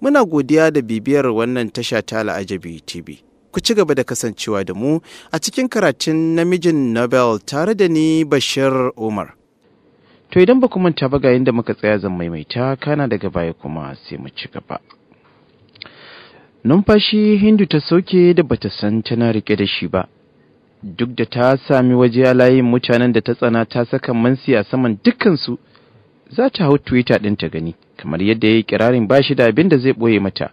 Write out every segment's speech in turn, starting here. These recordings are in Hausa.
Muna godiya da bibiyar wannan tasha ta Al'ajabi TV. Ku ci gaba da kasancewa da mu a cikin karatun namijin Nobel tare da ni Bashir Umar. To idan ba ku ta ba ga yadda muka tsaya zan maimaita kana daga baya kuma sai mu ci gaba. Numfashi Hindu ta soke da bata san tana rike da shi ba. Duk da ta sami waje a layin mutanen da ta tsana ta saka mansi a saman dukkansu. su za ta hau twitter ɗin ta gani kamar yadda ya yi kirarin ba shi da abin da zai ɓoye mata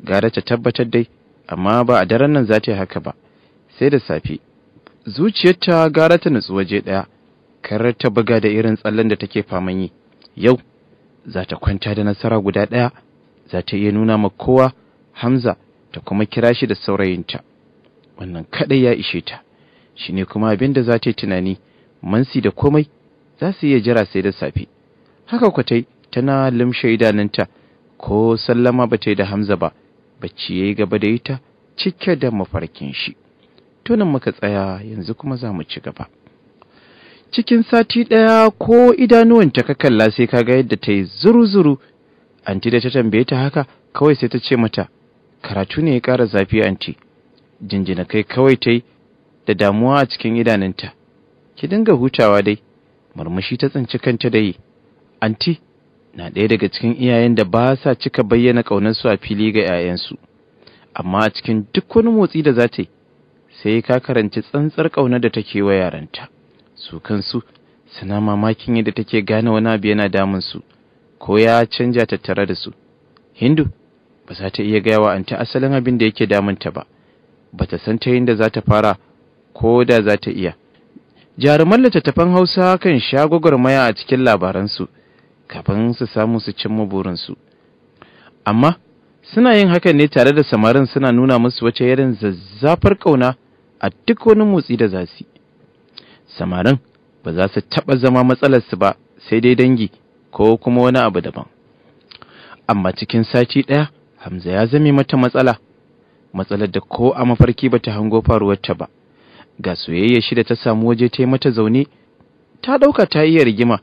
gara ta tabbatar dai amma ba a daren nan za ta yi haka ba sai da safe zuciyarta gara ta nutsu waje ɗaya karar ta buga da irin tsallen da take faman yi yau za ta kwanta da nasara guda ɗaya za ta iya nuna ma kowa hamza ta kuma kira shi da saurayinta wannan kaɗai ya ishe ta shi ne kuma abin da za ta yi tunani mansi da komai za su iya jira sai da safe haka kwatai tana limshe idanunta ko sallama ba ta yi da hamza ba bacci ya gaba da ita cike da mafarkin shi tunan muka tsaya yanzu kuma za mu ci gaba cikin sati ɗaya ko idanuwanta ka kalla sai ka ga yadda ta yi zuru-zuru anti da ta tambaye ta haka kawai sai ta ce mata karatu ne ya kara zafi anti jinjina kai kawai ta yi da damuwa a cikin idanunta ki dinga hutawa dai murmushi ta tsinci kanta da yi Anti na ɗaya daga cikin iyayen da ba sa cika bayyana ƙaunarsu a fili ga 'ya'yansu, amma a cikin duk wani motsi da za ta yi, sai ka karanci tsantsar ƙaunar da take wa yaranta. Su kansu suna mamakin yadda take gane wani abu yana damun su ko ya canja tattare da su. Hindu ba za ta iya gaya wa anti asalin abin da yake ta ba, ba ta san ta yadda za ta fara ko da za ta iya. Jaruman littattafan Hausa kan sha gwagwarmaya a cikin labaransu. kafin su samu su cin maburinsu. amma suna yin hakan ne tare da samarin suna nuna musu wace irin zazzafar ƙauna a duk wani motsi da za su samarin ba za su taɓa zama matsalarsu ba sai dai dangi ko kuma wani abu daban amma cikin sati ɗaya hamza ya zame mata matsala matsalar da ko a mafarki ba ta hango faruwarta ba ga soyayya shida ta samu waje ta yi mata zaune ta ɗauka ta iya rigima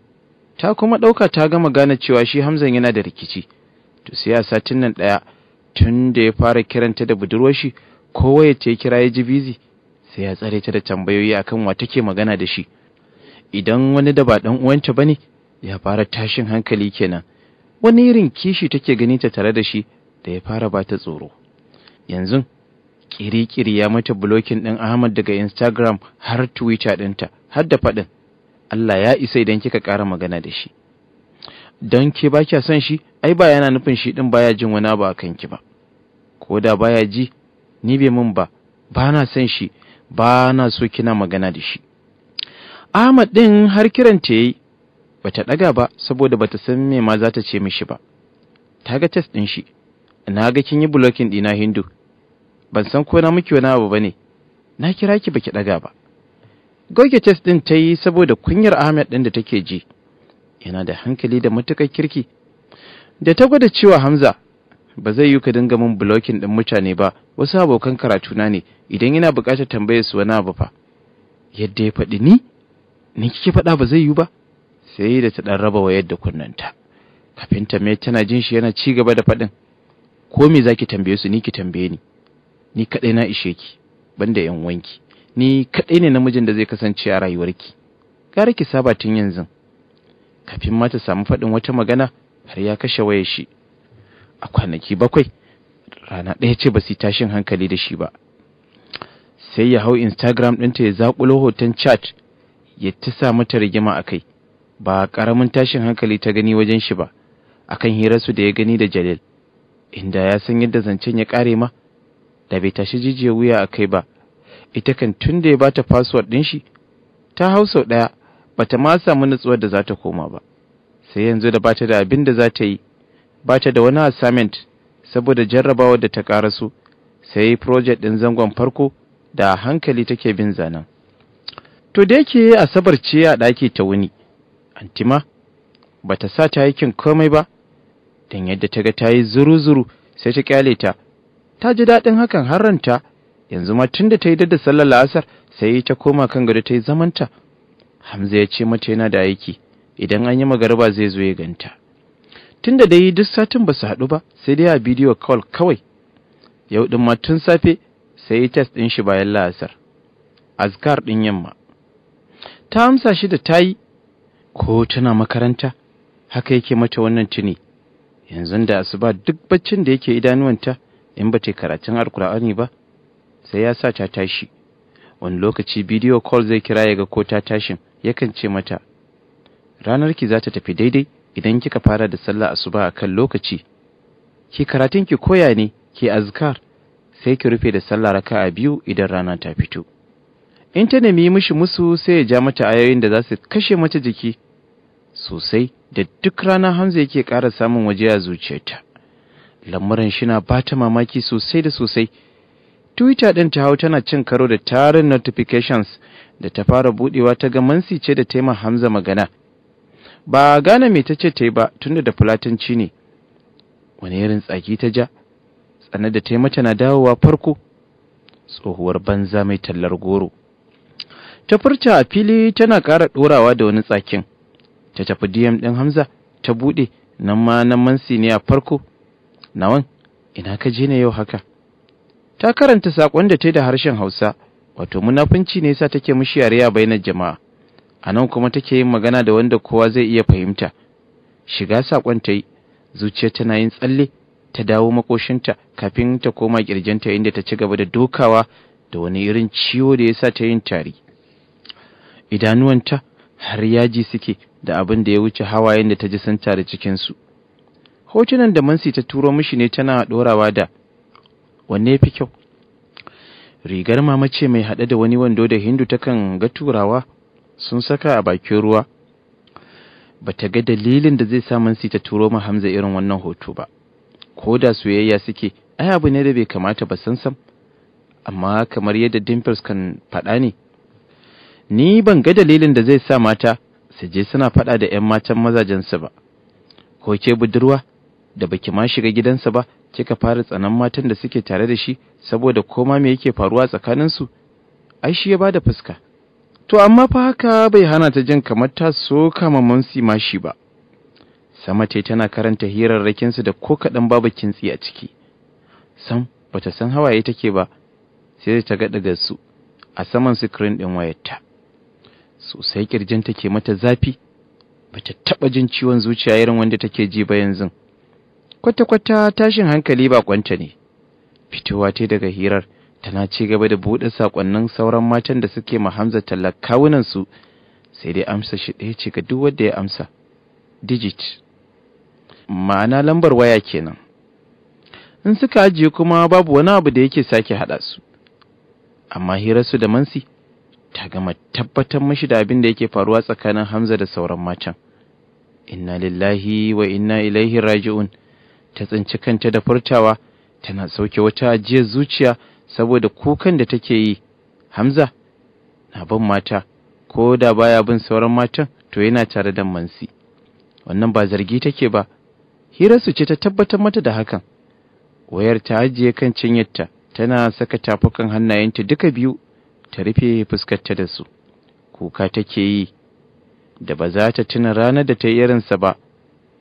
ta kuma ɗauka ta gama gane cewa shi hamzan yana da rikici to sai a satin nan ɗaya tun da ya fara kiranta da budurwashi, shi kowa ya ce kira ya ji bizi sai ya tsare ta da tambayoyi akan wa take magana da shi idan wani da ba ɗan uwanta ne, ya fara tashin hankali kenan wani irin kishi take gani ta tare da shi da ya fara ba ta tsoro yanzu kirikiri ya mata blokin ɗin Ahmad daga Instagram har Twitter ɗinta har da faɗin Allah ya isa idan kika ƙara magana da shi don ke ba kya son shi ai ba yana nufin shi ɗin baya jin wani ba kan ki ba ko da baya ji ni bai mun ba ba na son shi ba na so kina magana da shi Ahmad ɗin har kiran ta yi Ba ta ɗaga ba saboda ba ta san me ma za ta ce mishi ba ta ga tes ɗin shi na ga kin yi blocking ɗina Hindu ban san ko na miki wani abu ba ne. na kira ki baki ɗaga ba goge test ɗin ta yi saboda kunyar ahmed ɗin da take ji yana da hankali da matukar kirki da ta gwada cewa hamza ba zai yi ka dinga min blocking ɗin mutane ba wasu abokan karatuna ne idan yana buƙatar tambayar su wani abu fa yadda ya faɗi ni ni kike faɗa ba zai yi ba sai da ta ɗan raba wa yadda kunnanta kafin ta mai tana jin shi yana ci gaba da faɗin ko me zaki tambaye su ni ki tambaye ni ni kaɗai na ishe ki banda yan wanki ni kaɗai ne namijin da zai kasance a rayuwarki gara ki saba tun yanzu kafin mata samu faɗin wata magana har ya kashe wayar shi a kwanaki bakwai rana ɗaya ce ba su tashin hankali da shi ba sai ya hau instagram ɗinta ya zaƙulo hoton chat ya ta sa mata rigima a kai ba ƙaramin tashin hankali ta gani wajen shi ba akan hirarsu da ya gani da jalil inda ya san yadda zancen ya ƙare ma da bai tashi jijiyar wuya a kai ba ita kan tun da ya bata password ɗin shi ta hau sau ɗaya bata ma samu nutsuwar da za ta koma ba sai yanzu da bata da abin da za ta yi bata da wani assignment saboda jarrabawar da ta karasu sai project ɗin zangon farko da hankali take bin zanen to da yake asabar ce a ɗaki ta wuni antima bata sa ta aikin komai ba don yadda ta ga ta yi zuru-zuru sai ta ƙyale ta ta ji daɗin hakan har ranta yanzu ma tun da ta yi da sallar la'asar sai ta koma kan gado ta yi zamanta hamza ya ce mata yana da aiki idan an yi magariba zai zo ya ganta tun da dai duk satin ba su haɗu ba sai dai a bidiyo call kawai yau ɗin ma tun safe sai yi test ɗin shi bayan la'asar azkar ɗin yamma ta amsa shi da ta yi ko tana makaranta haka yake mata wannan tuni yanzu da asuba duk baccin da yake idanuwanta in ba ta karatun alkur'ani ba da ya sa ta tashi wani lokaci bidiyo call zai kira ya ga ko ta tashin yakan ce mata ranar ki za ta tafi daidai idan kika fara da sallah asuba a kan lokaci ki karatun ki koya ne ki azkar sai ki rufe da sallah raka'a biyu idan rana ta fito in ta nemi mishi musu sai ya ja mata ayoyin da za su kashe mata jiki sosai da duk rana Hamza yake ƙara samun waje a zuciyarta lamuran shi na bata mamaki sosai da sosai twitter ɗin ta hau tana cin karo da tarin notifications da ta fara buɗewa ta ga mansi ce da taima hamza magana ba gane me ta ce ta yi ba tunda da fulatanci ne wani irin tsaki ta ja tsanar da taima tana dawowa farko tsohuwar banza mai tallar goro ta furta a fili tana ƙara ɗorawa da wani tsakin ta tafi dm ɗin hamza ta buɗe nan ma nan mansi ne a farko nawan ina ka je ne yau haka ta karanta sakon da ta yi da harshen Hausa wato munafunci ne yasa take mushi yariya bainar jama'a a nan kuma take yin magana da wanda kowa zai iya fahimta shiga sakon ta yi zuciya tana yin tsalle ta dawo makoshinta kafin ta koma kirjinta inda ta ci gaba da dokawa da wani irin ciwo da yasa ta yin tari idanuwanta har yaji suke da abin da ya wuce hawayen da ta ji sun tare cikinsu hotunan da mansi ta turo mishi ne tana ɗorawa da wanne ya fi kyau rigar mama ce mai haɗe da wani wando da hindu takan ga turawa sun saka a bakin ruwa ba ta ga dalilin da zai samun mansi ta turo ma hamza irin wannan hoto ba ko da soyayya suke ai abu ne da bai kamata ba san amma kamar yadda dimples kan faɗa ne ni ban ga dalilin da zai sa mata su je suna faɗa da 'yan matan mazajensu ba ko ke budurwa da baki ma shiga gidansa ba kika fara tsanan matan da suke tare da shi saboda koma me yake faruwa tsakaninsu ai shi ya bada fuska to amma fa haka bai hana ta jin kamar ta so kama mansi mashi ba sama tana karanta su da ko kaɗan babu kintsi a ciki sam bata san hawaye take ba sai ta ga daga su a saman screen ɗin wayarta sosai kirjin take mata zafi bata taɓa jin ciwon zuciya irin wanda take ji ba yanzu kwata-kwata tashin hankali ba kwanta ne fitowa ce daga hirar tana ci gaba da buɗe sakonnin sauran matan da suke ma Hamza tallar su sai dai amsa shi ɗaya ce ga duk wanda ya amsa digit ma'ana lambar waya kenan in suka ajiye kuma babu wani abu da yake sake haɗa su amma hirarsu da mansi ta gama tabbatar mashi da abin da yake faruwa tsakanin Hamza da sauran matan inna lillahi wa inna ilaihi raji'un ta tsinci kanta da furtawa tana sauke wata ajiyar zuciya saboda kukan da take yi hamza na bin mata ko da baya bin sauran matan to yana tare da mansi wannan ba zargi take ba hira su ce ta tabbatar mata da hakan wayar ta ajiye kan cinyarta tana saka tafukan hannayenta duka biyu ta rufe fuskarta da su kuka take yi da ba za ta tuna ranar da ta yi irinsa ba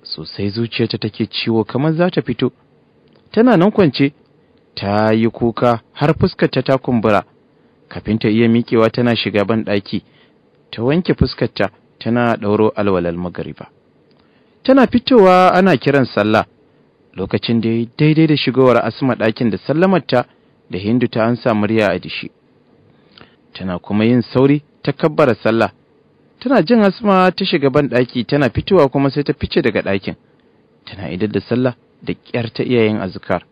sosai zuciyarta take ciwo kamar za ta fito tana nan kwance ta yi kuka har fuskarta ta kumbura kafin ta iya miƙewa tana shiga ban ɗaki ta wanke fuskarta tana ɗauro alwalal magariba tana fitowa ana kiran sallah lokacin da daidai da shigowar asma ɗakin da sallamar ta da hindu ta ansa murya a dishi tana kuma yin sauri ta kabbara sallah tana jin hasma ta shiga ban ɗaki tana fitowa kuma sai ta fice daga ɗakin tana idar da sallah da ƙyar ta iyayen azkar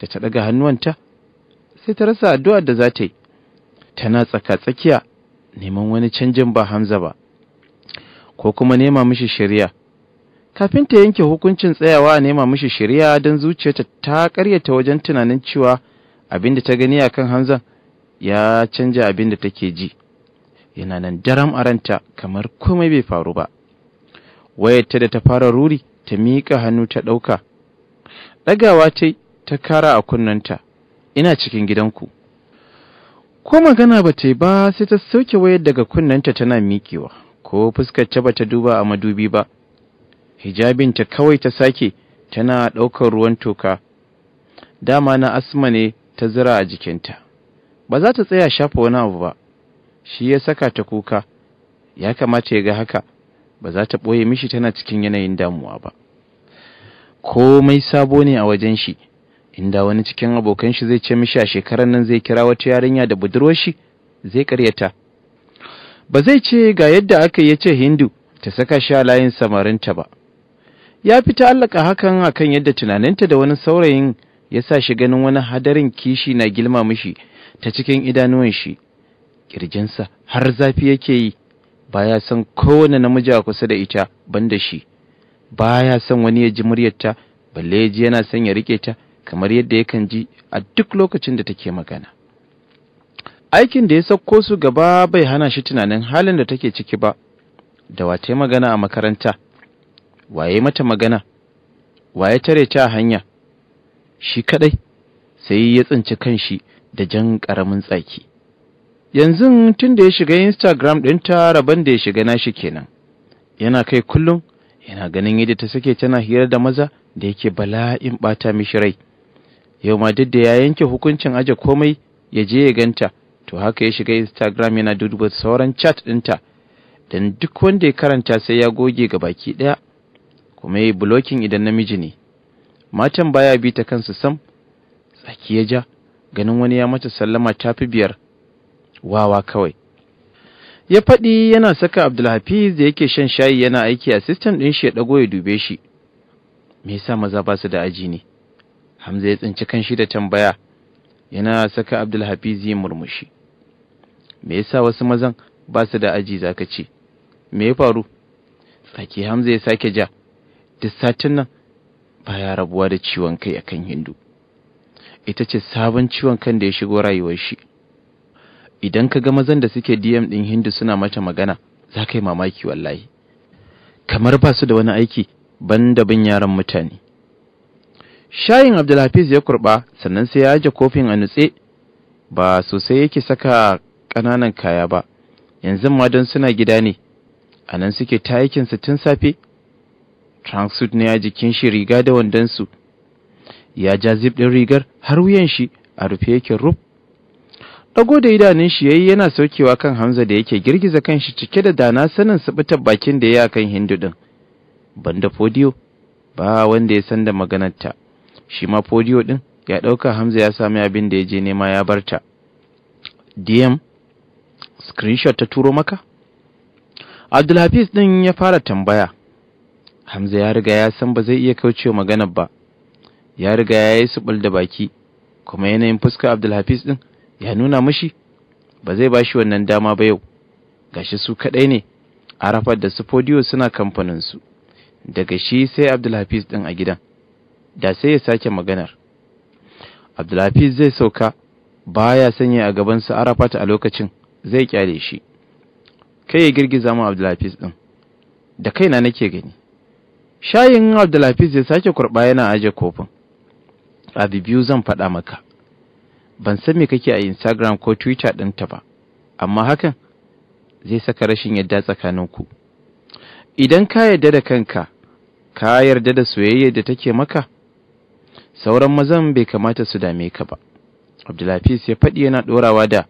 da ta ɗaga hannuwanta sai ta rasa addu'ar da za ta yi tana tsaka tsakiya neman wani canjin ba hamza ba ko kuma nema mishi shari'a kafin ta yanke hukuncin tsayawa nema mishi shari'a don zuciyarta ta karyata wajen tunanin cewa abin da ta gani a kan hamzan ya canja abin da take ji yana nan daram a ranta kamar komai bai faru ba wayarta da ta fara ruri ta miƙa hannu ta ɗauka ɗagawa ta ta kara a kunnanta ina cikin gidanku ko magana ba ta yi ba sai ta sauke wayar daga kunnanta tana miƙewa ko fuskar ta bata duba a madubi ba hijabinta kawai ta sake tana ɗaukar ruwan toka dama na asma ne ta zira a jikinta ba za ta tsaya shafa wani abu ba shi ya saka ta kuka ya kamata ya ga haka ba za ta ɓoye mishi tana cikin yanayin damuwa ba komai sabo ne a wajen shi inda wani cikin abokan shi zai ce mishi a shekarar nan zai kira wata yarinya da budurwar shi zai karyata ba zai ce ga yadda aka yi ce hindu ta saka sha layin samarinta ba ya fi ta'allaka hakan akan yadda tunaninta da wani saurayin ya sa shi ganin wani hadarin kishi na gilma mishi ta cikin idanuwan shi kirjinsa har zafi yake yi baya son kowane namiji a kusa da ita banda shi baya son wani ya ji muryarta balle ya ji yana son ya rike ta kamar yadda yakan ji a duk lokacin da take magana aikin da ya sauko su gaba bai hana shi tunanin halin da take ciki ba da wata magana a makaranta waye mata magana waye tare ta a hanya shi kadai sai ya tsinci kanshi da jan karamin tsaki yanzu tun da ya shiga instagram ɗinta rabon da ya shiga nashi kenan yana kai kullum yana ganin yadda ta sake tana hira da maza da yake bala'in ɓata mishi rai yau ma duk da ya yanke hukuncin aje komai ya je ya ganta to haka ya shiga instagram yana duduba sauran chat ɗinta don duk wanda ya karanta sai ya goge ga baki ɗaya kuma ya yi blocking idan namiji ne matan baya bi ta kansu sam tsaki ya ja ganin wani ya mata sallama ta fi biyar wawa kawai ya faɗi yana saka abdulhafiz da yake shan shayi yana aiki a sistan ɗin shi ya ɗago ya dube shi me yasa maza ba su da aji ne hamza ya tsinci kanshi da tambaya yana saka abdulhafiz ya murmushi me yasa wasu mazan ba su da aji zaka ce me ya faru tsaki hamza ya sake ja duk satin nan baya rabuwa da ciwon kai akan hindu ita ce sabon ciwon kan da ya shigo rayuwar shi idan ka ga mazan da suke DM ɗin Hindu suna mata magana za ka yi mamaki wallahi kamar ba su da wani aiki ban da bin yaran mutane shayin Abdulhafiz ya kurɓa sannan sai ya aje kofin a nutse ba sosai yake saka ƙananan kaya ba yanzu ma don suna gida ne a nan suke ta su tun safe tracksuit ne a jikin shi riga da wandonsu ya ja zip ɗin rigar har wuyan shi a rufe yake rub Dago da idanun shi yayi yana saukewa kan Hamza da yake girgiza kanshi cike da dana sanin sabitar bakin da ya kan Hindu din. Banda podiyo ba wanda ya san da maganarta. Shi ma podiyo din ya ɗauka Hamza ya sami abin da ya je nema ya barta. DM screenshot ta turo maka? Abdulhafiz din ya fara tambaya. Hamza ya riga ya san ba zai iya kaucewa maganar ba. Ya riga ya yi da baki kuma yanayin fuskar Abdulhafiz din ya nuna mashi ba zai ba shi wannan dama ba yau gashi su kaɗai ne arafat da su fodiyo suna kamfaninsu daga shi sai abdulhafiz ɗin a gidan da sai ya sake maganar abdulhafiz zai sauka baya sanya a su arafat a lokacin zai kyale shi kai ya girgiza mu abdulhafiz ɗin da kaina nake gani shayin abdulhafiz ya sake kurɓa yana aje kofin abu biyu zan faɗa maka ban san me kake a Instagram ko Twitter ɗinta ba, amma hakan zai saka rashin yadda ku Idan ka yarda da kanka, ka yarda da soyayya da take maka, sauran mazan bai kamata su dame ka ba. Abdulhafiz ya faɗi yana ɗorawa da,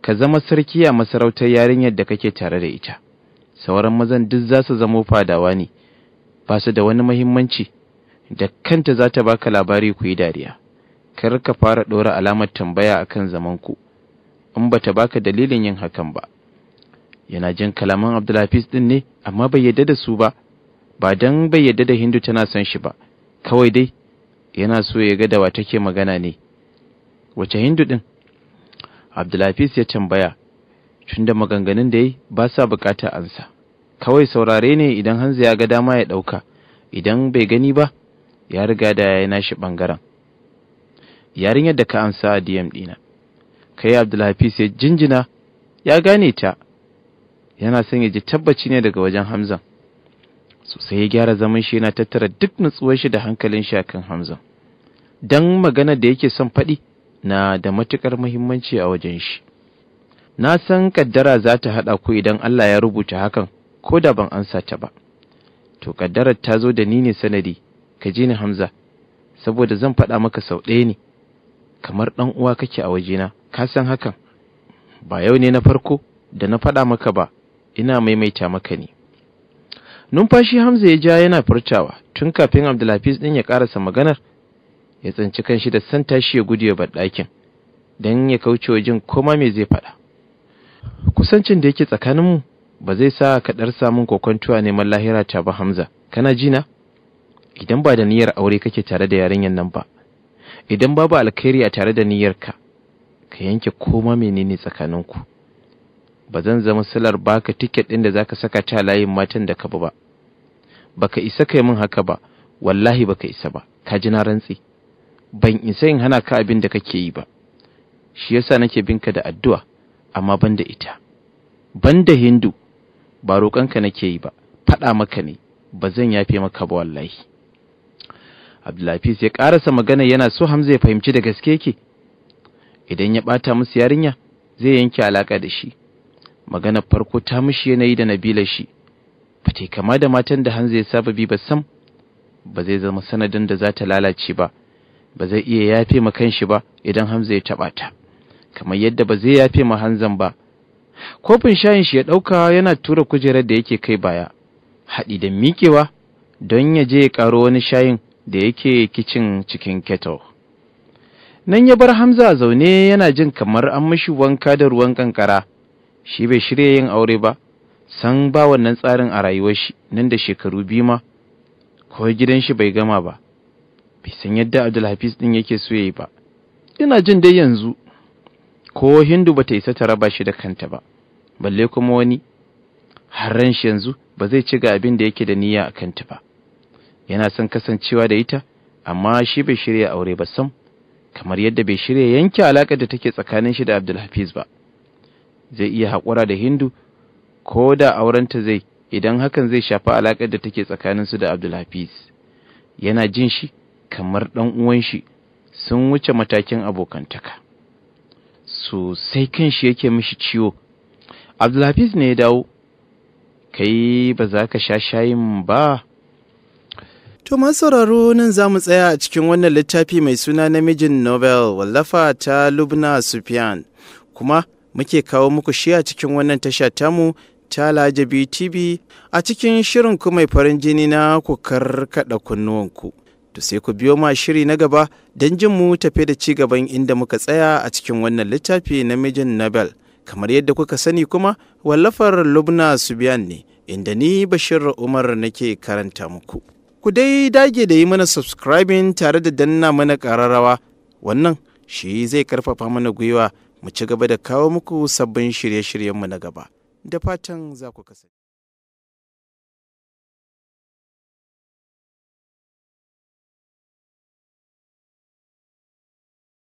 ka zama sarki a masarautar yarinyar da kake tare da ita, sauran mazan duk za su zamo fadawa ne, ba su da wani muhimmanci, da kanta za ta baka labari ku yi dariya. kar ka fara ɗora alamar tambaya a kan zamanku, in ba ta baka dalilin yin hakan ba yana jin kalaman Abdulhafiz ɗin ne amma bai yadda da su ba ba don bai yadda da Hindu tana son shi ba kawai dai yana so ya ga da wa take magana ne wace Hindu ɗin? Abdulhafiz ya tambaya tunda maganganun da yi ba sa bukatar ansa kawai saurare ne idan hanzu ya ga dama ya ɗauka, idan bai gani ba ya riga da ya nashi ɓangaren. yarinyar da ka amsa a DM ɗina. yi Abdulhafiz ya jinjina ya gane ta yana son ya ji tabbaci ne daga wajen Hamzan. Sosai ya gyara zaman shi yana tattara duk nutsuwar shi da hankalin shi akan Hamzan. Dan magana da yake son faɗi na da matuƙar muhimmanci a wajen shi. Na san kaddara za ta haɗa ku idan Allah ya rubuta hakan ko da ban ansa ta ba. To kaddarar ta zo da ni ne sanadi, ka ji ni Hamza, saboda zan faɗa maka sau ɗaya ne kamar ɗan uwa kake a wajena ka san hakan ba yau ne na farko da na faɗa maka ba ina maimaita maka ne numfashi hamza ya ja yana furtawa tun kafin abdulhafiz ɗin ya ƙarasa maganar ya tsinci kanshi da san tashi ya gudu ya ɗakin don ya kauce wa jin koma mai zai faɗa kusancin da yake tsakaninmu ba zai sa ka ɗar samun kokwantuwa neman lahira ta ba hamza kana jina idan ba da niyyar aure kake tare da yarinyar nan ba idan babu alkhairi a tare da niyyarka ka yanke koma menene tsakaninku ba zan zama silar baka tiket ɗin da zaka saka ta layin matan da ka ba baka isa kai min haka ba wallahi baka isa ba ka ji na rantsi ban isa in hana ka abin da kake yi ba shi yasa nake binka da addu'a amma ban da ita ban da hindu ba roƙonka nake yi ba faɗa maka ne ba zan yafe maka ba wallahi Abdulhafis ya ƙarasa magana yana so hamza ya fahimci da gaske yake idan ya ɓata musu yarinya zai yanke alaka da shi magana farko ta mishi yanayi da nabila shi ba ta kama da matan da Hamza ya saba bi ba sam ba zai zama sanadin da za ta lalace ba ba zai iya yafe ma kanshi ba idan hamza ya taba ta kamar yadda ba zai yafe ma hanzan ba kofin shayin shi ya dauka yana tura kujerar da yake kai baya haɗi da miƙewa don ya je ya ƙaro wani shayin da yake kicin cikin keto nan ya bar hamza zaune yana jin kamar an mashi wanka da ruwan kankara shi bai shirya yin aure ba san ba wannan tsarin a rayuwar shi nan da shekaru biyu ma kawai gidan shi bai gama ba bai san yadda abdulhafiz din yake so yayi ba ina jin dai yanzu ko hindu ba ta isa ta raba shi da kanta ba balle kuma wani har ran shi yanzu ba zai ci ga abin da yake da niyya a kanta ba yana son kasancewa da ita amma shi bai shirya aure ba sam kamar yadda bai shirya yanke alaƙar da take tsakanin shi da Abdulhafiz ba zai iya haƙura da Hindu ko da aurenta zai idan hakan zai shafi alaƙar da take tsakanin su da Abdulhafiz yana jin shi kamar ɗan uwan shi sun wuce matakin abokantaka sosai kan shi yake mishi ciwo Abdulhafiz ne ya dawo kai ba za ka sha shayin ba To sauraro nan za mu tsaya a cikin wannan littafi mai suna namijin Nobel wallafa ta Lubna Sufyan. Kuma muke kawo muku shi a cikin wannan tasha tamu ta Lajabi TV a cikin shirin ku mai farin jini na ku karkada kunnuwanku. To sai ku biyo ma shiri na gaba don jin mu tafe da ci gaban inda muka tsaya a cikin wannan littafi namijin Nobel. Kamar yadda kuka sani kuma wallafar Lubna Sufyan ne inda ni Bashir Umar nake karanta muku. ku dai dage da yi mana subscribing tare da danna mana ƙararrawa wannan shi zai karfafa mana gwiwa mu ci gaba da kawo muku sabbin shirye-shiryenmu na gaba da fatan za ku kasance